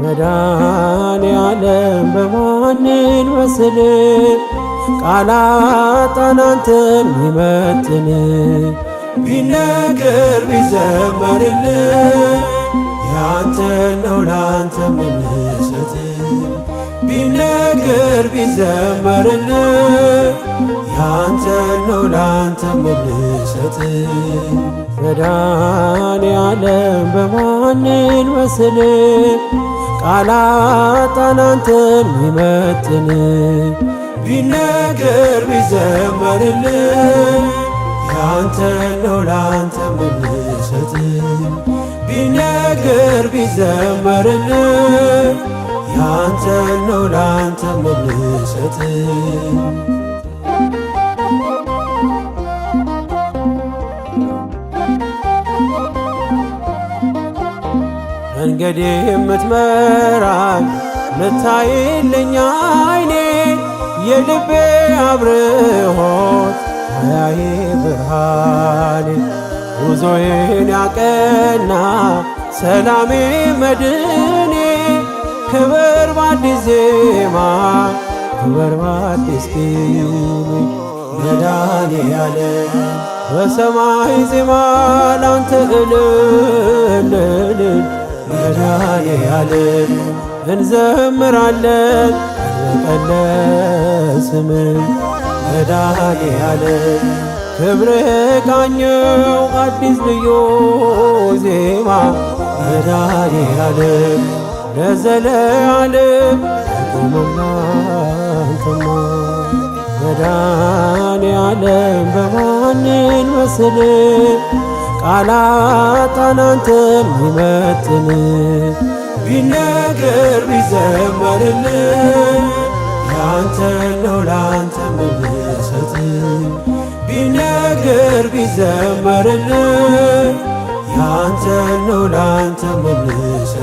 መዳን ያለም በማንን መስል ቃላት አናንተን ይመትን ቢነገር ቢዘመርልን ያንተን ነው ላንተ ምንሰት ቢነገር ቢዘመርልን ያንተን ነው ላንተ ምንሰት ረዳን ያለም በማንን መስል ቃላት አናንተን ሚመጥን ቢነገር ቢዘመርልን ከአንተ ነው ለአንተ ምንሰጥ ቢነገር ቢዘመርል ያንተ ነው ለአንተ ምንሰጥ መንገዴ የምትመራኝ ምታይልኝ አይኔ የልቤ አብርሆት አያዬ ብርሃኔ ጉዞዬን ያቀና ሰላሜ መድኔ ክብር በአዲስ ዜማ ክብር በአዲስ ኪኔ ያለ በሰማይ ዜማ ላንተ እልልል እልል ያለ እንዘምራለን ቀን በቀን ስምን መድኃኔዓለም ክብር ቃኘው አዲስ ልዩ ዜማ መድኃኔዓለም ለዘለዓለም ተማማንተማ መድኃኔዓለም በማንን መስል ቃላት አንተን ሚመጥን ቢነገር ቢዘመርልን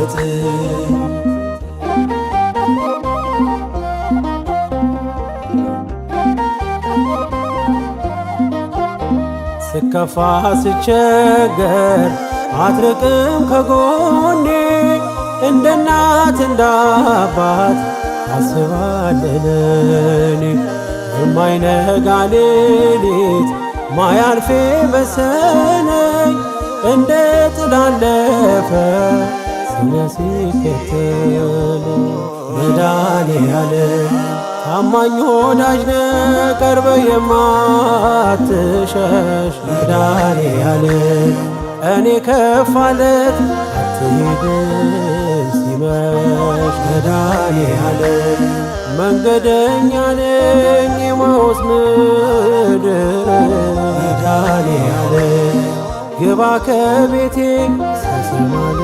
ይሰጥ ስከፋ ስቸገር አትርቅም ከጎኔ እንደ እናት እንዳባት አስባለለኔ የማይነጋ ሌሊት ማያልፌ በሰነኝ እንደ ጥላለፈ ስከተል መዳኔ ያለ ታማኝ ወዳጅ ነህ ቀርበ የማትሸሽ መዳኔ ያለ እኔ ከፋለት አትሂድ ሲመሽ መዳኔ ያለ መንገደኛ ነኝ የማውስ ምድር መዳኔ ግባ ከቤቴ ሳሰማለ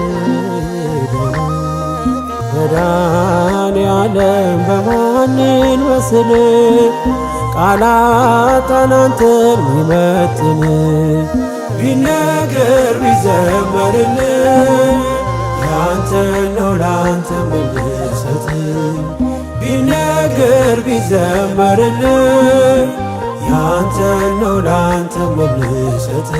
ያለም በማንን መስል ቃላት አናንተ ሚመጥን ቢነገር ቢዘመርን ያንተን ነው ላንተ ምልሰት ቢነገር ቢዘመርን ያንተን ነው ላንተ ምልሰት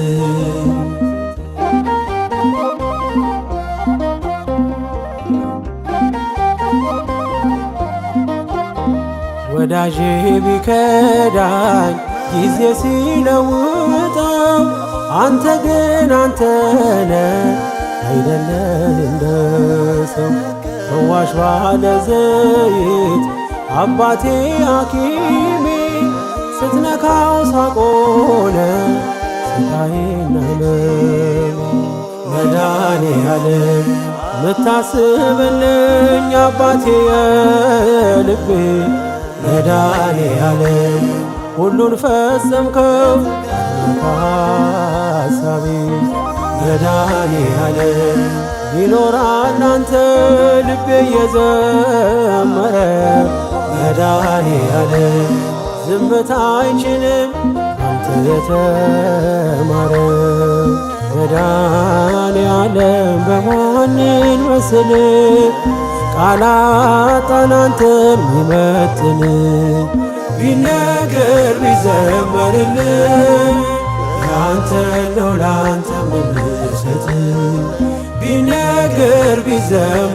ወዳጄ ቢከዳኝ ጊዜ ሲለውጠው አንተ ግን አንተነ አይደለን እንደ ሰው ፈዋሽ ባለ ዘይት አባቴ ሐኪሜ ስትነካው ሳቆነ ስታይናለ መዳኔ መድኃኔዓለም ምታስብልኝ አባቴ የልቤ መዳኔ ያለ ሁሉን ፈጸምከው ሳቢ መዳኔ ያለ ይኖራል አንተ ልቤ እየዘመረ መዳኔ ያለ ዝምታ አይችልም አንተ የተማረ መዳኔ ያለም በማንን መስል አላጣን አንተን ሚመጥን ቢነገር ቢዘመርል ከአንተ ነው ላንተ ምልሰት ቢነገር ቢዘመርል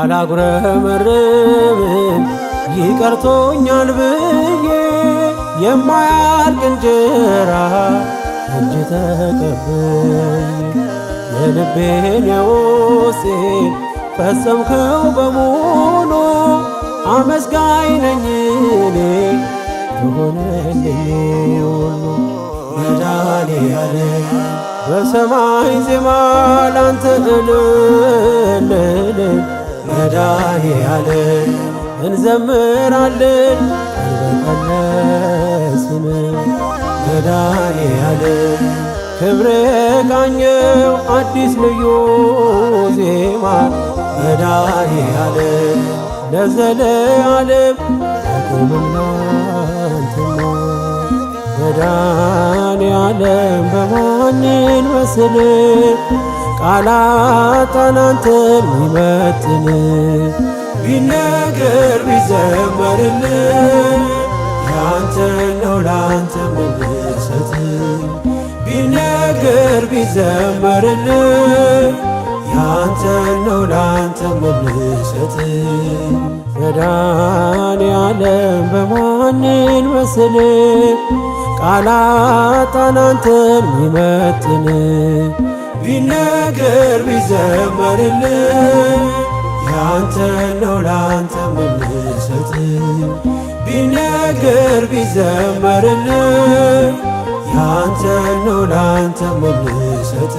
አላጉረመርምም ይቀርቶኛል ብዬ የማያልቅ እንጀራ እጅ ተቀበይ የልቤን የውስጤን ፈጸምከው በሙሉ አመስጋኝ ነኝ እኔ ትሆነልኝ ሁሉ መድኃኔዓለም በሰማይ ዜማ ላንተ እልል ያለ እንዘምራለን አንበቀለስም መድኃኔዓለም ክብር ቃኘው አዲስ ልዩ ዜማ መድኃኔዓለም ለዘለዓለም አቁምና መዳን መድኃኔዓለም በማንን መስል ቃላጣን አንተን ሚመጥን ቢነገር ቢዘመርልን ያንተን ነው ላንተ ምንሰት ቢነገር ቢዘመርልን ያንተን ነው ላንተ ምንሰት መድኃኔዓለም በማንን መስል ቃላጣን አንተን ሚመጥን ቢነገር ቢዘመርልን ያንተ ነው ላንተ ምንሰጥ ቢነገር ቢዘመርልን ያንተ ነው ላንተ ምንሰጥ